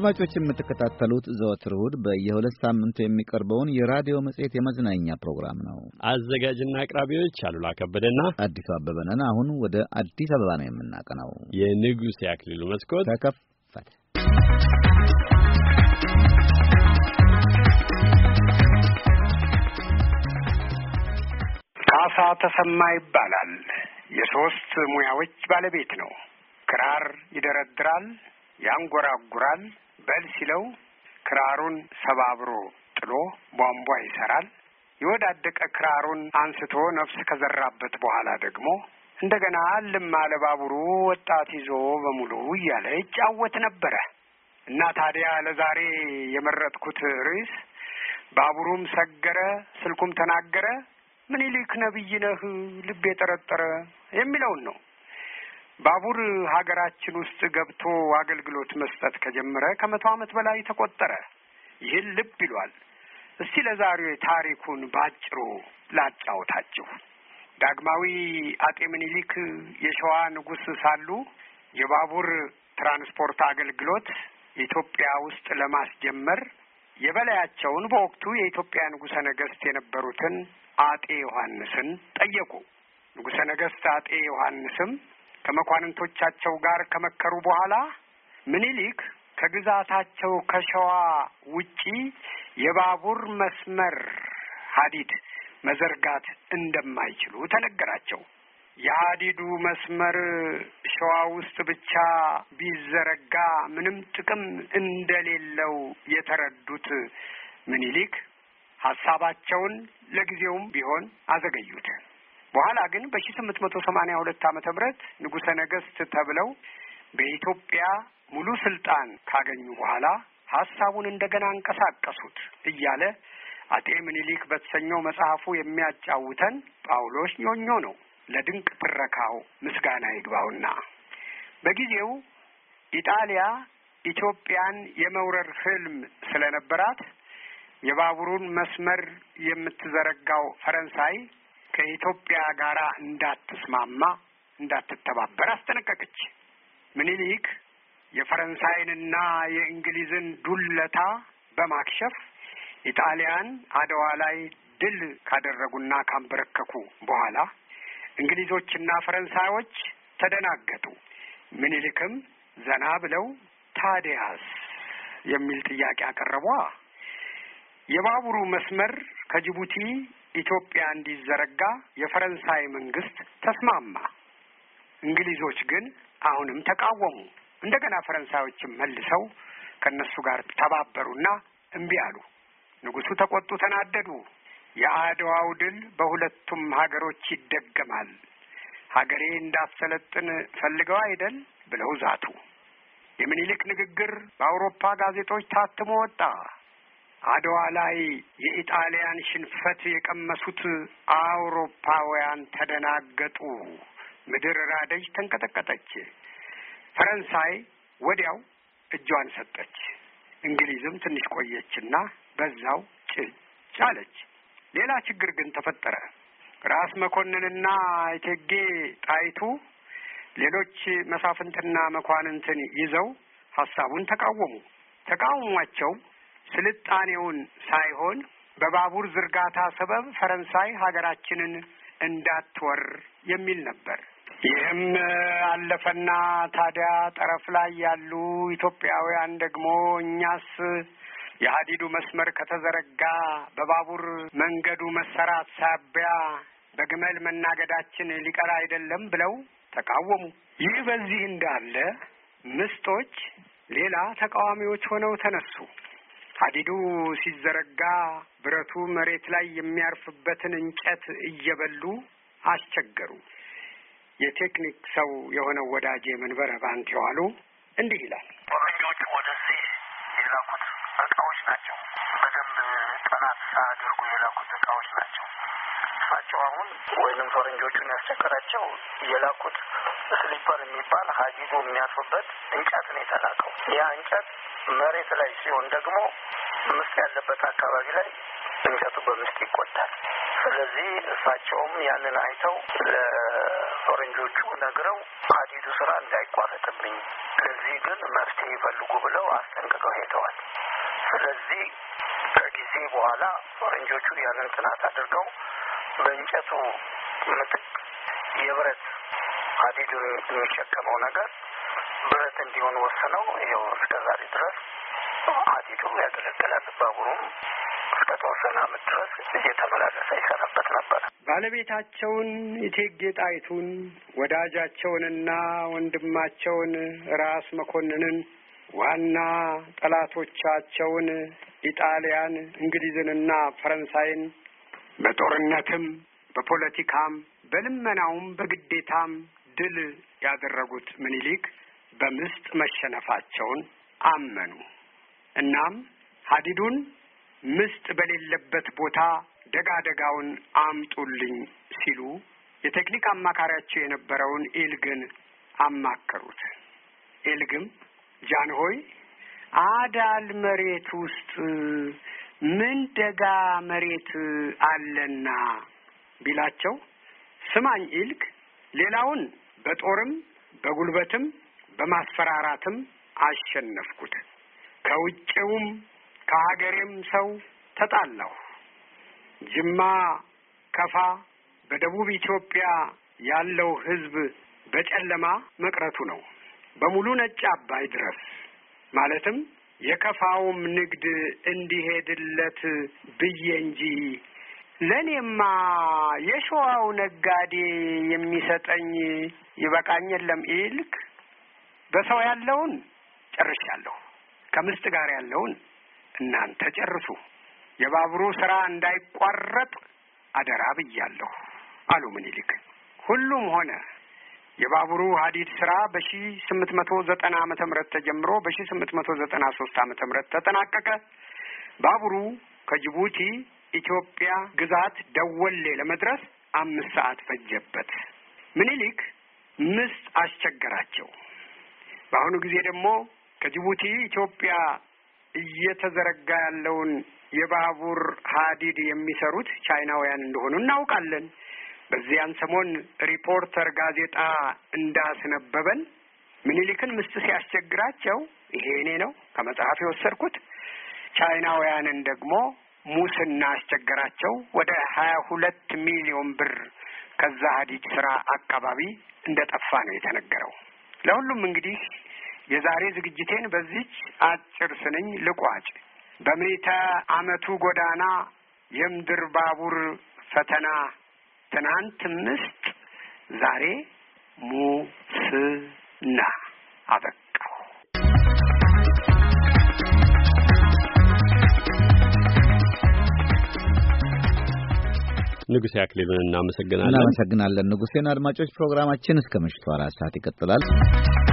አድማጮች የምትከታተሉት ዘወትር እሁድ በየሁለት ሳምንቱ የሚቀርበውን የራዲዮ መጽሔት የመዝናኛ ፕሮግራም ነው። አዘጋጅና አቅራቢዎች አሉላ ከበደና አዲሱ አበበ ነን። አሁን ወደ አዲስ አበባ ነው የምናቀነው። የንጉሥ ያክሊሉ መስኮት ተከፈተ። ካሳ ተሰማ ይባላል። የሶስት ሙያዎች ባለቤት ነው። ክራር ይደረድራል፣ ያንጎራጉራል በል ሲለው ክራሩን ሰባብሮ ጥሎ ቧንቧ ይሰራል። የወዳደቀ ክራሩን አንስቶ ነፍስ ከዘራበት በኋላ ደግሞ እንደገና አልም አለ ባቡሩ ወጣት ይዞ በሙሉ እያለ ይጫወት ነበረ እና ታዲያ ለዛሬ የመረጥኩት ርዕስ ባቡሩም ሰገረ፣ ስልኩም ተናገረ፣ ምኒልክ ነብይ ነህ ልብ የጠረጠረ የሚለውን ነው። ባቡር ሀገራችን ውስጥ ገብቶ አገልግሎት መስጠት ከጀመረ ከመቶ ዓመት በላይ ተቆጠረ። ይህን ልብ ይሏል። እስቲ ለዛሬው የታሪኩን በአጭሩ ላጫወታችሁ። ዳግማዊ አጤ ምኒልክ የሸዋ ንጉሥ ሳሉ የባቡር ትራንስፖርት አገልግሎት ኢትዮጵያ ውስጥ ለማስጀመር የበላያቸውን በወቅቱ የኢትዮጵያ ንጉሠ ነገሥት የነበሩትን አጤ ዮሐንስን ጠየቁ። ንጉሠ ነገሥት አጤ ዮሐንስም ከመኳንንቶቻቸው ጋር ከመከሩ በኋላ ምኒልክ ከግዛታቸው ከሸዋ ውጪ የባቡር መስመር ሀዲድ መዘርጋት እንደማይችሉ ተነገራቸው። የሀዲዱ መስመር ሸዋ ውስጥ ብቻ ቢዘረጋ ምንም ጥቅም እንደሌለው የተረዱት ምኒልክ ሀሳባቸውን ለጊዜውም ቢሆን አዘገዩት። በኋላ ግን በሺ ስምንት መቶ ሰማኒያ ሁለት ዓመተ ምህረት ንጉሰ ነገስት ተብለው በኢትዮጵያ ሙሉ ስልጣን ካገኙ በኋላ ሀሳቡን እንደገና አንቀሳቀሱት እያለ አጤ ምኒሊክ በተሰኘው መጽሐፉ የሚያጫውተን ጳውሎስ ኞኞ ነው። ለድንቅ ትረካው ምስጋና ይግባውና በጊዜው ኢጣሊያ ኢትዮጵያን የመውረር ህልም ስለነበራት የባቡሩን መስመር የምትዘረጋው ፈረንሳይ ከኢትዮጵያ ጋር እንዳትስማማ፣ እንዳትተባበር አስጠነቀቀች። ምኒልክ የፈረንሳይንና የእንግሊዝን ዱለታ በማክሸፍ ኢጣሊያን አድዋ ላይ ድል ካደረጉና ካንበረከኩ በኋላ እንግሊዞችና ፈረንሳዮች ተደናገጡ። ምኒልክም ዘና ብለው ታዲያስ የሚል ጥያቄ አቀረቧ። የባቡሩ መስመር ከጅቡቲ ኢትዮጵያ እንዲዘረጋ የፈረንሳይ መንግስት ተስማማ። እንግሊዞች ግን አሁንም ተቃወሙ። እንደገና ፈረንሳዮችም መልሰው ከእነሱ ጋር ተባበሩና እምቢ አሉ። ንጉሡ ተቆጡ፣ ተናደዱ። የአድዋው ድል በሁለቱም ሀገሮች ይደገማል፣ ሀገሬ እንዳትሰለጥን ፈልገው አይደል ብለው ዛቱ። የሚኒሊክ ንግግር በአውሮፓ ጋዜጦች ታትሞ ወጣ። አድዋ ላይ የኢጣሊያን ሽንፈት የቀመሱት አውሮፓውያን ተደናገጡ። ምድር ራደጅ፣ ተንቀጠቀጠች። ፈረንሳይ ወዲያው እጇን ሰጠች። እንግሊዝም ትንሽ ቆየችና በዛው ጭጭ አለች። ሌላ ችግር ግን ተፈጠረ። ራስ መኮንንና እቴጌ ጣይቱ ሌሎች መሳፍንትና መኳንንትን ይዘው ሀሳቡን ተቃወሙ። ተቃውሟቸው ስልጣኔውን ሳይሆን በባቡር ዝርጋታ ሰበብ ፈረንሳይ ሀገራችንን እንዳትወር የሚል ነበር። ይህም አለፈና ታዲያ ጠረፍ ላይ ያሉ ኢትዮጵያውያን ደግሞ እኛስ የሀዲዱ መስመር ከተዘረጋ በባቡር መንገዱ መሰራት ሳቢያ በግመል መናገዳችን ሊቀር አይደለም ብለው ተቃወሙ። ይህ በዚህ እንዳለ ምስጦች ሌላ ተቃዋሚዎች ሆነው ተነሱ። ሀዲዱ ሲዘረጋ ብረቱ መሬት ላይ የሚያርፍበትን እንጨት እየበሉ አስቸገሩ። የቴክኒክ ሰው የሆነው ወዳጄ መንበረ ባንክ የዋሉ እንዲህ ይላል። ጎብኚዎች ወደዚህ የላኩት እቃዎች ናቸው። በደንብ ጥናት ሳያደርጉ የላኩት እቃዎች ናቸው። አሁን ወይም ፈረንጆቹን ያስቸገራቸው የላኩት ስሊፐር የሚባል ሀዲዱ የሚያርፍበት እንጨት ነው የተላከው። ያ እንጨት መሬት ላይ ሲሆን ደግሞ ምስጥ ያለበት አካባቢ ላይ እንጨቱ በምስጥ ይቆዳል። ስለዚህ እሳቸውም ያንን አይተው ለፈረንጆቹ ነግረው ሀዲዱ ስራ እንዳይቋረጥብኝ፣ ለዚህ ግን መፍትሄ ይፈልጉ ብለው አስጠንቅቀው ሄደዋል። ስለዚህ ከጊዜ በኋላ ፈረንጆቹ ያንን ጥናት አድርገው በእንጨቱ ምትክ የብረት ሀዲዱን የሚሸከመው ነገር ብረት እንዲሆን ወስነው ይኸው እስከ ዛሬ ድረስ ሀዲዱ ያገለግላል። ባቡሩም እስከ ተወሰነ አመት ድረስ እየተመላለሰ ይሰራበት ነበር። ባለቤታቸውን እቴጌ ጣይቱን ወዳጃቸውንና ወንድማቸውን ራስ መኮንንን ዋና ጠላቶቻቸውን ኢጣሊያን፣ እንግሊዝንና ፈረንሳይን በጦርነትም በፖለቲካም በልመናውም በግዴታም ድል ያደረጉት ምኒልክ በምስጥ መሸነፋቸውን አመኑ። እናም ሀዲዱን ምስጥ በሌለበት ቦታ ደጋደጋውን አምጡልኝ ሲሉ የቴክኒክ አማካሪያቸው የነበረውን ኤልግን አማከሩት። ኤልግም ጃንሆይ አዳል መሬት ውስጥ ምን ደጋ መሬት አለና ቢላቸው ስማኝ ኢልክ ሌላውን በጦርም በጉልበትም በማስፈራራትም አሸነፍኩት። ከውጭውም ከሀገሬም ሰው ተጣላሁ። ጅማ፣ ከፋ፣ በደቡብ ኢትዮጵያ ያለው ሕዝብ በጨለማ መቅረቱ ነው። በሙሉ ነጭ አባይ ድረስ ማለትም የከፋውም ንግድ እንዲሄድለት ብዬ እንጂ ለእኔማ የሸዋው ነጋዴ የሚሰጠኝ ይበቃኝ የለም ይልክ በሰው ያለውን ጨርሻለሁ። ከምስጥ ጋር ያለውን እናንተ ጨርሱ። የባቡሩ ስራ እንዳይቋረጥ አደራ ብያለሁ አሉ ምኒልክ። ሁሉም ሆነ። የባቡሩ ሀዲድ ስራ በሺ ስምንት መቶ ዘጠና አመተ ምህረት ተጀምሮ በሺ ስምንት መቶ ዘጠና ሶስት አመተ ምህረት ተጠናቀቀ። ባቡሩ ከጅቡቲ ኢትዮጵያ ግዛት ደወሌ ለመድረስ አምስት ሰዓት ፈጀበት። ምኒልክ ምስጥ አስቸገራቸው። በአሁኑ ጊዜ ደግሞ ከጅቡቲ ኢትዮጵያ እየተዘረጋ ያለውን የባቡር ሀዲድ የሚሰሩት ቻይናውያን እንደሆኑ እናውቃለን። በዚያን ሰሞን ሪፖርተር ጋዜጣ እንዳስነበበን ምኒልክን ምስት ሲያስቸግራቸው ይሄ እኔ ነው ከመጽሐፍ የወሰድኩት ቻይናውያንን ደግሞ ሙስና አስቸገራቸው። ወደ ሀያ ሁለት ሚሊዮን ብር ከዛ ሀዲድ ስራ አካባቢ እንደ ጠፋ ነው የተነገረው። ለሁሉም እንግዲህ የዛሬ ዝግጅቴን በዚች አጭር ስንኝ ልቋጭ። በምኔታ አመቱ ጎዳና የምድር ባቡር ፈተና ትናንት ምስጥ ዛሬ ሙስና አበቃው። ንጉሴ አክሊሉን እናመሰግናለን። እናመሰግናለን ንጉሴን። አድማጮች ፕሮግራማችን እስከ ምሽቱ አራት ሰዓት ይቀጥላል።